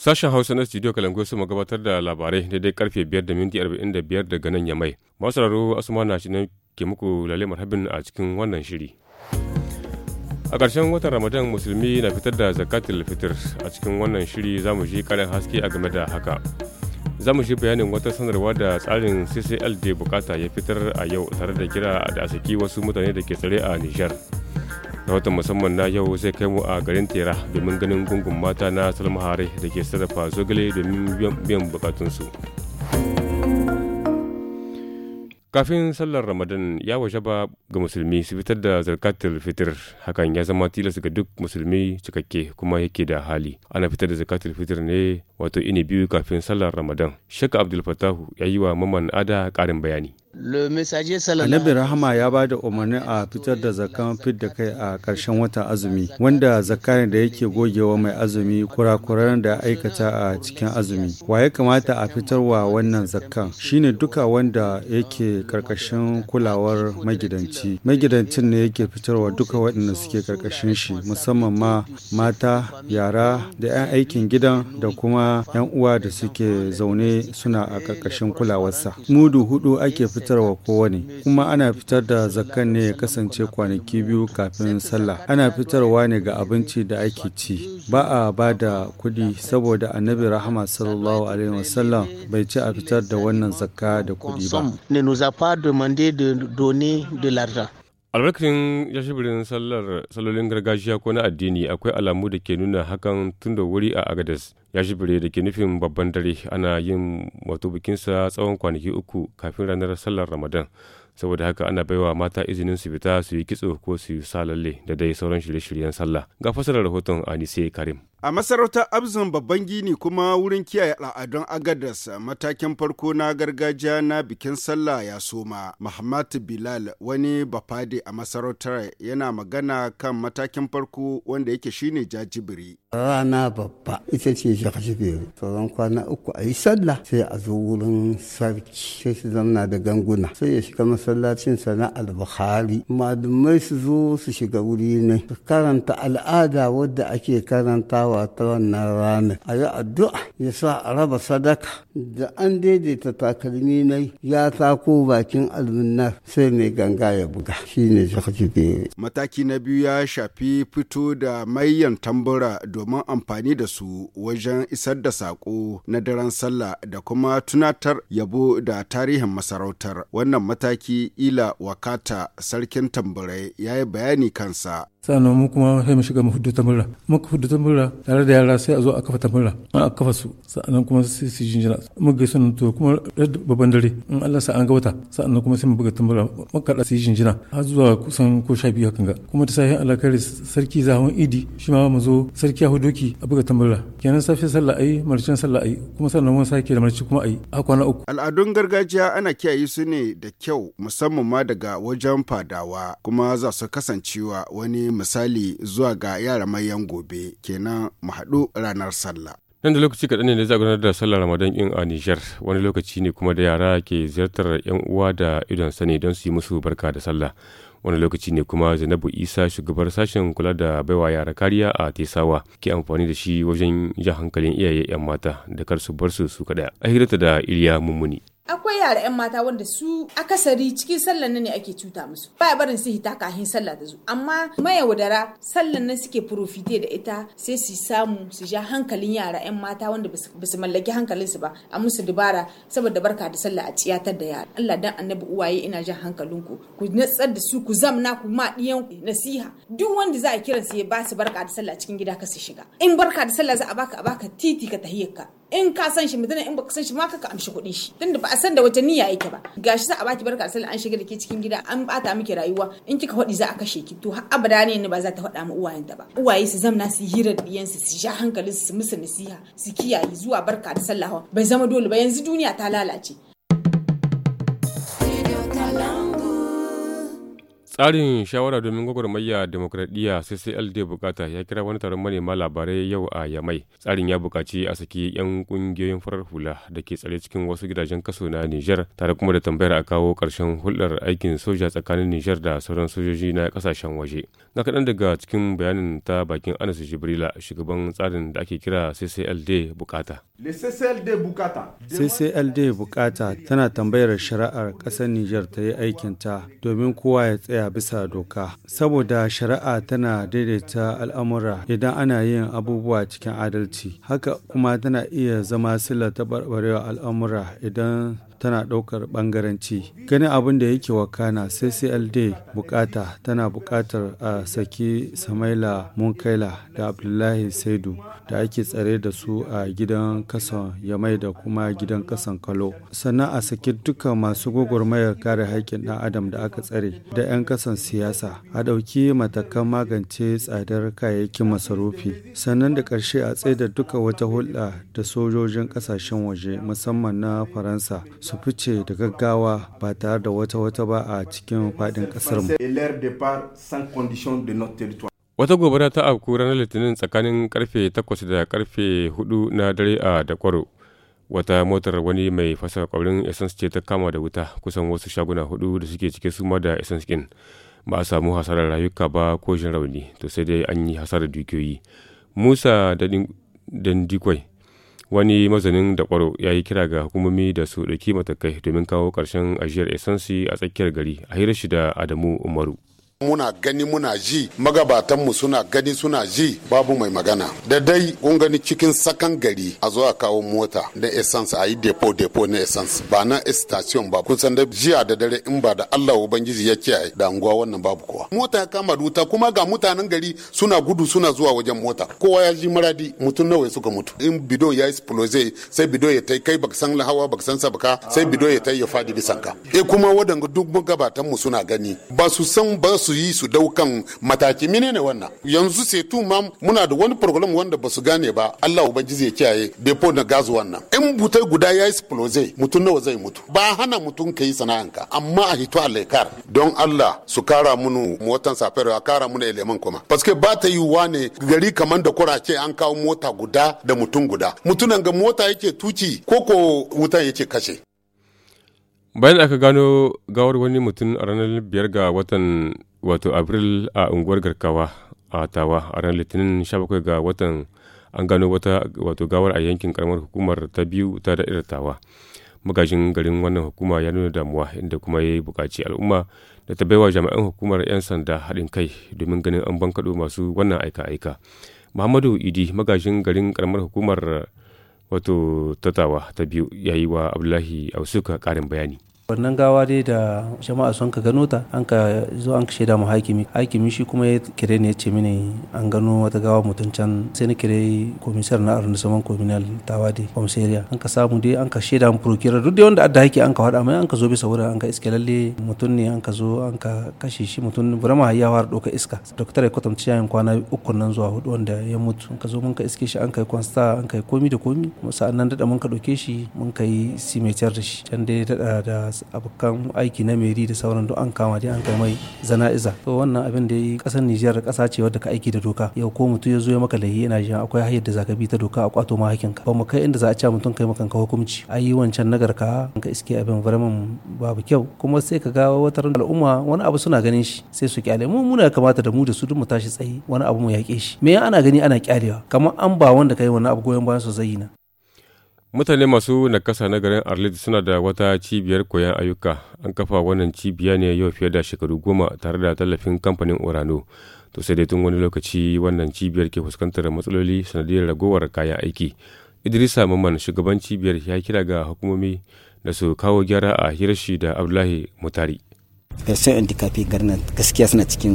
Sashen Hausa na Studio Kalangu su gabatar da labarai daidai karfe 5 da minti 45 daga nan Yamai. Masu raro Asuma na shi ke muku lalle marhabin a cikin wannan shiri. a ƙarshen watan ramadan musulmi na fitar da zakatul fitr a cikin wannan shiri za mu ji ƙarin haske a game da haka za mu shi bayanin wata sanarwa da tsarin ccl da bukata ya fitar a yau tare da kira da asaki wasu mutane da ke tsare a nijar rahoton musamman na yau zai kai mu a garin tera domin ganin gungun mata na salma hare da ke sarrafa zogale domin biyan bukatunsu kafin sallar ramadan ya waje ba ga musulmi su fitar da zakatul fitir hakan ya zama tilas ga duk musulmi cikakke kuma yake da hali ana fitar da zakatul fitir ne wato ini biyu kafin sallar Ramadan. shek Abdul Fatahu ya yi wa Maman Ada ƙarin bayani. Annabi Rahama ya ba da umarni a fitar da zakan fit da kai a ƙarshen watan azumi, wanda zakarin da yake gogewa mai azumi kurakuran da aikata a cikin azumi. Wa ya kamata a fitar wa wannan zakan shine duka wanda yake karkashin kulawar magidanci. Magidancin ne yake fitar wa duka waɗanda suke karkashin shi, musamman ma mata, yara, da 'yan aikin gidan da kuma 'yan uwa da suke zaune suna a ƙarƙashin kulawarsa. Mudu hudu ake fitarwa kowane, kuma ana fitar da zakan ne ya kasance kwanaki biyu kafin sallah. Ana fitarwa ne ga abinci da ake ci. Ba a ba da kuɗi saboda annabi rahama sallallahu alaihi wasallam bai ci a fitar da wannan zakka da kuɗi ba. albarkacin jashibirin sallar salolin gargajiya ko na addini akwai alamu da ke nuna hakan tun da wuri a agadas yashibire da ke nufin babban dare ana yin wato bikinsa tsawon kwanaki uku kafin ranar sallar ramadan saboda haka ana baiwa mata izinin su fita su yi kitso ko su yi salalle da dai sauran shirye-shiryen sallah ga fasarar rahoton anise karim a masarautar abzan babban gini kuma wurin kiyaye al'adun agadas matakin farko na gargajiya na bikin sallah ya soma muhammad bilal wani bafade a masarautar yana magana kan matakin farko wanda yake shine jajibiri rana babba ita ce jajibiri sauran kwana uku a yi sallah sai a zo wurin sarki sai su zanna da ganguna sai ya shiga masa masallacin na al-bukhari malumai su zo su shiga wuri ne su karanta al'ada wadda ake karantawa ta wannan ranar a yi addu'a ya sa a raba sadaka da an daidaita takalmi ne ya ko bakin alminnar sai mai ganga ya buga shine jihar mataki na biyu ya shafi fito da mayan tambura domin amfani da su wajen isar da sako na daren sallah da kuma tunatar yabo da tarihin masarautar wannan mataki sarki Ila Wakata sarkin tambarai ya yi bayani kansa. sannan mu kuma sai mu shiga mu hudu ta murra muka hudu ta murra tare da yara sai a zo a kafa ta murra a kafa su sannan kuma sai su jinjina mu gaisa nan to kuma babban dare in Allah sa an ga wata sannan kuma sai mu buga ta murra muka da su jinjina har zuwa kusan ko sha biyu hakan ga kuma ta Allah alakari sarki zahon idi shi ma mu zo sarki ya hudoki a buga ta murra kenan safi sallah ayi marcin sallah ayi kuma sannan mun sake da marci kuma ayi a kwana uku al'adun gargajiya ana kiyaye su ne da kyau musamman ma daga wajen fadawa kuma za su kasancewa wani misali zuwa ga yara mayan gobe kenan mu haɗu ranar sallah. nan da lokaci kaɗan ne da za da sallar ramadan in a nijar wani lokaci ne kuma da yara ke ziyartar yan uwa da idon sani don su yi musu barka da sallah wani lokaci ne kuma zainabu isa shugabar sashen kula da baiwa yara kariya a tesawa ke amfani da shi wajen jan hankalin iyaye yan mata da kar su bar su su kaɗa a da iriya mummuni akwai yara 'yan mata wanda su akasari cikin sallan nan ne ake cuta musu ba ya barin su hita kafin sallah ta zo amma mayaudara sallan nan suke profite da ita sai su samu su ja hankalin yara 'yan mata wanda ba su mallaki hankalin su ba a musu dubara saboda barka da sallah a ciyatar da yara Allah dan annabi uwaye ina jan hankalin ku natsar da su ku zamna ku ma ɗiyan nasiha duk wanda za a su ya ba su barka da sallah cikin gida ka su shiga in barka da sallah za a baka a baka titi ka tahiyar ka in ka san shi mutane in baka san shi ma ka amshi kuɗi shi tunda ba a san da wata niyya yake ba gashi za a baki barka asali an shiga da ke cikin gida an bata miki rayuwa in kika faɗi za a kashe ki to har abada ne ba za ta faɗa ma ta ba uwaye su zamna su hira da diyansu su ja hankalin su musu nasiha su kiyaye zuwa barka da sallah bai zama dole ba yanzu duniya ta lalace Tsarin shawara domin gwagwarmayya demokradiyya CCL da bukata ya kira wani taron manema labarai yau a Yamai. Tsarin ya bukaci a saki 'yan kungiyoyin farar hula da ke tsare cikin wasu gidajen kaso na niger tare kuma da tambayar a kawo karshen hulɗar aikin soja tsakanin niger da sauran sojoji na kasashen waje. Na kaɗan daga cikin bayanin ta bakin Anas Jibrila shugaban tsarin da ake kira CCLD bukata. CCLD bukata. bukata tana tambayar shari'ar ƙasar niger ta yi aikinta domin kowa ya tsaya bisa doka saboda shari'a tana daidaita al'amura idan ana yin abubuwa cikin adalci haka kuma tana iya zama sila taɓarɓarewa al'amura idan tana ɗaukar ɓangaranci ganin abin da yake wakana ccld bukata tana bukatar a saki samaila munkaila da abdullahi saidu da ake tsare da su a gidan kasan yamai da kuma gidan kasan kalo sannan a saki dukkan masu gwagwarmayar kare haƙƙin ɗan adam da aka tsare da 'yan kasan siyasa a ɗauki matakan magance tsadar kayayyakin masarufi sannan da ƙarshe a tsaida duka wata hulɗa da sojojin ƙasashen waje musamman na faransa su fice da gaggawa ba tare da wata-wata ba a cikin faɗin ƙasarmu. Wata gobara ta afku ranar Litinin tsakanin karfe 8 da karfe 4 na dare a Dakwaro. Wata motar wani mai fasa kwabrin essence ce ta kama da wuta kusan wasu shaguna hudu da suke cike suma da essence ɗin. Ba a samu hasarar rayuka ba ko jin rauni to sai dai an yi hasarar dukiyoyi. Musa da Dandikwai wani mazanin da kwaro ya yi kira ga hukumomi da su ɗauki matakai domin kawo ƙarshen ajiyar esansi a tsakiyar gari a hirar shi da adamu umaru muna gani muna ji magabatanmu suna gani suna ji babu mai magana da dai kun gani cikin sakan gari a zo a kawo mota da essence a yi depo depo na essence ba na station ba kun san da jiya da dare in ba da Allah ubangiji ya kiyaye da anguwa wannan babu kowa mota ya kama duta kuma ga mutanen gari suna gudu suna zuwa wajen mota kowa ya ji maradi mutum nawa suka mutu in bido ya explode sai bido ya tai kai baka san lahawa baka san sabaka sai bido ya tai ya fadi bisanka eh kuma wadanga duk magabatan mu suna gani ba su san ba su su yi su daukan mataki menene wannan yanzu sai ma muna da wani problem wanda ba su gane ba Allah ubangiji ya kiyaye depo na gas wannan in butai guda ya yi explode mutum nawa zai mutu ba hana mutum kai yi sana'anka amma a hito alaikar don Allah su kara munu motan safar a kara mu eleman kuma paske ba ta wa ne gari kamar da kurace an kawo mota guda da mutum guda mutunan ga mota yake tuci ko ko wutan yake kashe bayan aka gano gawar wani mutum a ranar biyar ga watan wato April a unguwar Garkawa a Tawa a ranar Litinin 17 ga watan an gano wata wato gawar a yankin karamar hukumar ta biyu ta da Tawa. Magajin garin wannan hukuma ya nuna damuwa inda kuma ya yi bukaci al'umma da ta baiwa jami'an hukumar 'yan sanda haɗin kai domin ganin an bankaɗo masu wannan aika-aika. Muhammadu Idi magajin garin karamar hukumar wato tatawa ta biyu ya yi wa Abdullahi Ausuka ƙarin bayani. wannan gawa dai da jama'a sun ka gano ta an ka zo an ka shaida mu hakimi hakimi shi kuma ya kire ne ya ce mini an gano wata gawa mutum can sai na kire komisar na saman kominal tawadi komisariya an ka samu dai an ka shaida mu prokira duk da wanda adda haki an ka faɗa mai an ka zo bisa wurin an ka iske lalle mutum ne an ka zo an ka kashe shi mutum burama ya fara doka iska doktor ya kwatanta yayin kwana uku nan zuwa hudu wanda ya mutu an ka zo mun ka iske shi an ka yi kwansta an ka yi komi da komi sa'annan daɗa mun ka ɗauke shi mun ka yi simetar da shi can dai daɗa da abokan aiki na meri da sauran duk an kama dai an kai mai zana'iza to wannan abin da yi kasar Nijar kasa ce wadda ka aiki da doka yau ko mutum ya zo ya maka lahi yana jin akwai hayar da zaka bi ta doka a kwato ma ka ba mu kai inda za a ci mutum kai maka hukunci ayi wancan nagar ka ka iske abin vraiment babu kyau kuma sai ka ga wata al'umma wani abu suna ganin shi sai su kyale mu muna kamata da mu da su duk mu tashi tsaye wani abu mu yaƙe shi me ana gani ana kyalewa kamar an ba wanda kai wannan abu goyon bayan su zayyana Mutane masu nakasa na garin arlid suna da wata cibiyar koyon ayyuka. An kafa wannan cibiya ne yau fiye da shekaru goma tare da tallafin kamfanin Orano. To sai dai tun wani lokaci wannan cibiyar ke fuskantar matsaloli sanadiyar ragowar kayan aiki. Idrisa mamman shugaban cibiyar ya kira ga hukumomi da su kawo gyara a hirashi da Abdullahi Mutari. Person handicapé garnan gaskiya suna cikin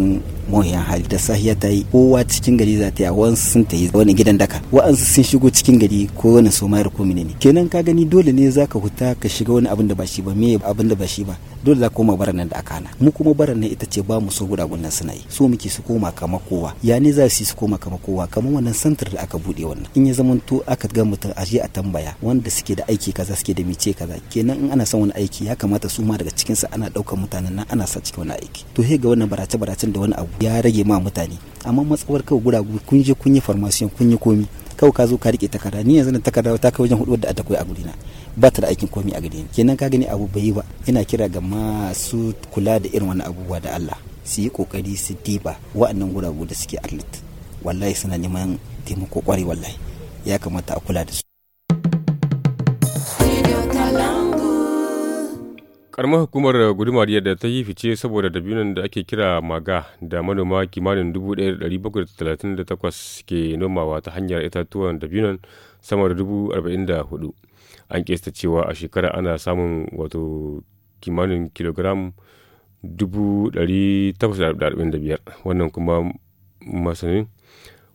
mawuyan hali da sahiya ta yi kowa cikin gari za ta yi wa'ansu sun ta yi wani gidan daka wa'ansu sun shigo cikin gari ko wani su mayar ko ne kenan ka gani dole ne za ka huta ka shiga wani abin da ba shi ba me abin da ba shi ba dole za ka koma baran da aka hana mu kuma baran nan ita ce ba mu so guda nan suna yi so muke su koma kama kowa ya ne za su su koma kama kowa kamar wannan santar da aka bude wannan in ya zamanto aka ga mutum a je a tambaya wanda suke da aiki kaza suke da mice kaza kenan in ana son wani aiki ya kamata su ma daga cikin ana daukar mutanen na ana sa cikin wani aiki to he ga wannan barace baracen da wani abu ya rage ma mutane amma matsawar kawai guragu kun je kun yi farmasiyon kun yi komi kawai ka zo ka rike takarda ni yanzu na takarda ta kai wajen hudu da ta koyi a gurina ba ta da aikin komi a gare kenan ka gani abu bai ba ina kira ga masu kula da irin wani abubuwa da Allah su yi kokari su diba wa'annan guragu da suke arlit wallahi suna neman taimako kwarai wallahi ya kamata a kula da su karamar hukumar gudumar yadda ta yi fice saboda dabinan da ake kira maga da manoma kimanin 1738 ke nomawa ta hanyar itatuwan dabinan sama da 44 an kesta cewa a shekara ana samun wato kimanin kilogram 845 wannan kuma masanin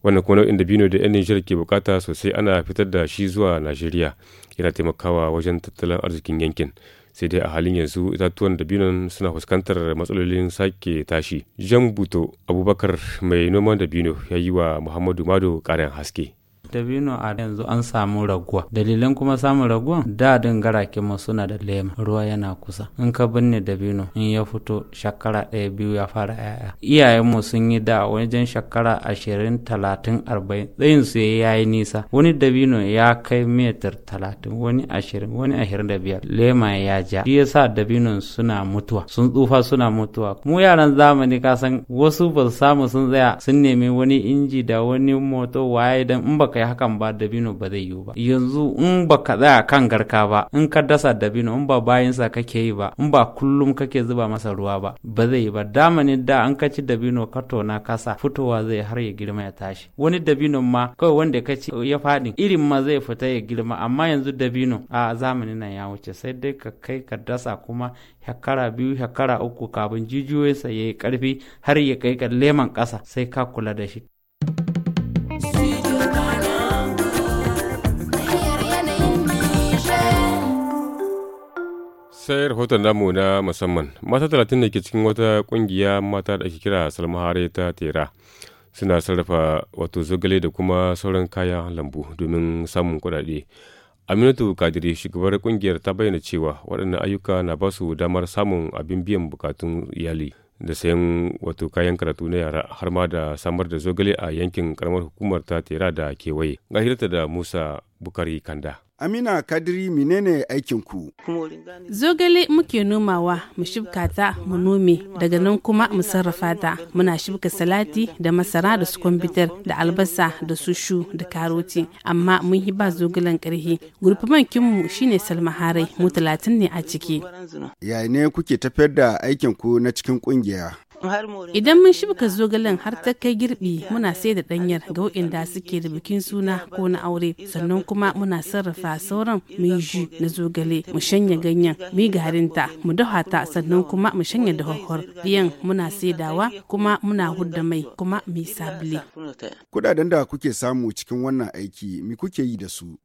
wannan kuma nau'in dabino da yan nijar ke bukata sosai ana fitar da shi zuwa najeriya yana taimakawa wajen tattalin arzikin yankin sai dai a halin yanzu itatuwan dabinon suna fuskantar matsalolin sake tashi jan buto abubakar mai noman dabino ya yi wa muhammadu mado ƙarin haske dabino a yanzu an samu raguwa dalilin kuma samun raguwa da din gara mu suna da lema ruwa yana kusa in ka binne dabino in ya fito shakara ɗaya biyu ya fara yaya iyayen mu sun yi da wajen shakara ashirin talatin arba'in tsayin su ya yi nisa wani dabino ya kai metar talatin wani ashirin wani ashirin da biyar lema ya ja shi yasa dabino suna mutuwa sun tsufa suna mutuwa mu yaran zamani ka san wasu ba su samu sun tsaya sun nemi wani inji da wani moto waye dan in baka kai hakan ba dabino ba zai yiwu ba yanzu in ba ka tsaya kan garka ba in ka dasa dabino in ba bayansa kake yi ba in ba kullum kake zuba masa ruwa ba ba zai yi ba damanin da an kaci dabino ka tona kasa fitowa zai har ya girma ya tashi wani dabino ma kawai wanda ka ci ya faɗi irin ma zai fita ya girma amma yanzu dabino a zamanin nan ya wuce sai dai ka kai ka dasa kuma shekara biyu shekara uku kafin jijiyoyinsa ya yi ƙarfi har ya kai ka leman ƙasa sai ka kula da shi sai rahoton namu na musamman mata talatin da ke cikin wata kungiya mata da ake kira salmahare ta tera suna sarrafa wato zogale da kuma sauran kayan lambu domin samun kuɗaɗe aminatu kadiri shugabar kungiyar ta bayyana cewa waɗannan ayyuka na ba su damar samun abin biyan bukatun iyali da sayan wato kayan karatu na yara har ma da samar da zogale a yankin karamar hukumar ta tera da kewaye ga da musa bukari kanda Amina Kadiri menene aikin ku? Zogale muke nomawa mu shibka ta mu nome daga nan kuma mu sarrafa ta muna shibka salati da masara da su kwambitar da albasa da sushu da karoti amma mun yi ba zogalen karhi gurfaman kinmu shine salmaharai mu talatin ne a ciki. Yaya ne kuke tafiyar da aikin ku na cikin kungiya? Idan mun shibka zogalen har ta kai girbi muna sai da ɗanyar ga waɗanda suke da bikin suna ko na aure sannan kuma muna sarrafa sauran mu yi na zogale mu shanya ganyen mu yi garinta mu dafa ta sannan kuma mu shanya da hwahwar biyan muna saidawa kuma muna hudda mai kuma mu yi sabule. kudaden da kuke samu cikin wannan aiki me kuke yi da su?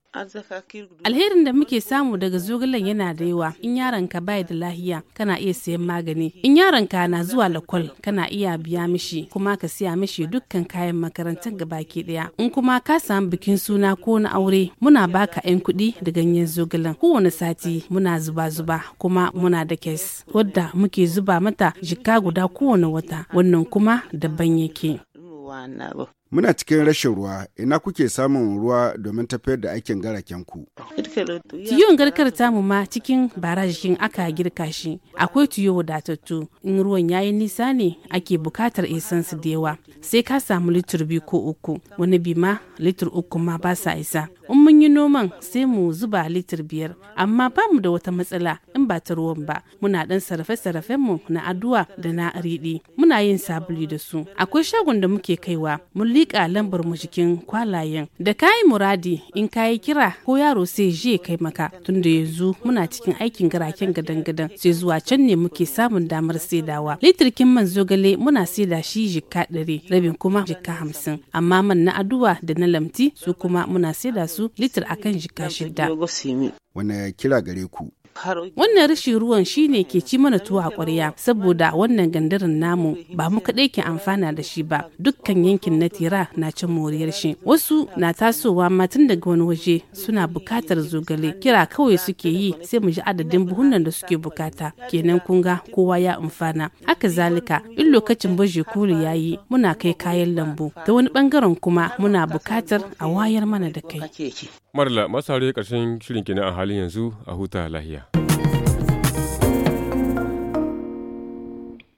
Alherin da muke samu daga zogalen yana da yawa. In yaron ka bai da lahiya, kana iya sayan magani. In yaron ka na zuwa lakwal, kana iya biya mishi kuma ka siya mishi dukkan kayan makarantar gabaki daya. In kuma ka samu bikin suna ko na aure, muna baka 'yan kuɗi da ganyen zogalen. Kowane sati muna zuba-zuba kuma muna da kes. Wadda muke zuba mata jika guda kowane wata, wannan kuma daban yake. Muna cikin rashin ruwa, ina kuke samun ruwa domin tafiyar da aikin garaken ku. Tiyon garkar tamu ma cikin barajin aka girka shi, akwai tiyo wadatattu, in ruwan yayi nisa ne ake bukatar isan su da yawa, sai ka samu litir biyu ko uku, wani bi ma litir uku ma ba sa isa. In mun yi noman sai mu zuba litir biyar, amma ba mu da wata matsala in ba ta ruwan ba, muna dan sarrafe-sarrafen mu na addu'a da na riɗi, muna yin sabuli da su. Akwai shagon da muke kaiwa, mun liƙa lambar mu jikin kwalayen da kayi muradi in kayi kira ko yaro sai je kai maka tunda yanzu muna cikin aikin garaken gadan-gadan sai zuwa can ne muke samun damar saidawa litirkin man zogale muna saida shi jikka ɗari rabin kuma jikka hamsin amma man na aduwa da na lamti su kuma muna saida su litir akan jikka shida. Wane kira gare ku? Wannan rashin ruwan shine ke ci mana tuwo a ƙwarya saboda wannan gandarin namu ba mu kaɗai ke amfana da shi ba dukkan yankin na tira na cin moriyar shi. Wasu na tasowa matan daga wani waje suna bukatar zogale kira kawai suke yi sai mu ji adadin buhunan da suke bukata kenan kunga kowa ya amfana. Haka zalika in lokacin baje koli ya yi muna kai kayan lambu ta wani bangaren kuma muna bukatar a wayar mana da kai. Marla, masare ƙarshen shirin kenan a halin yanzu a huta lahiya.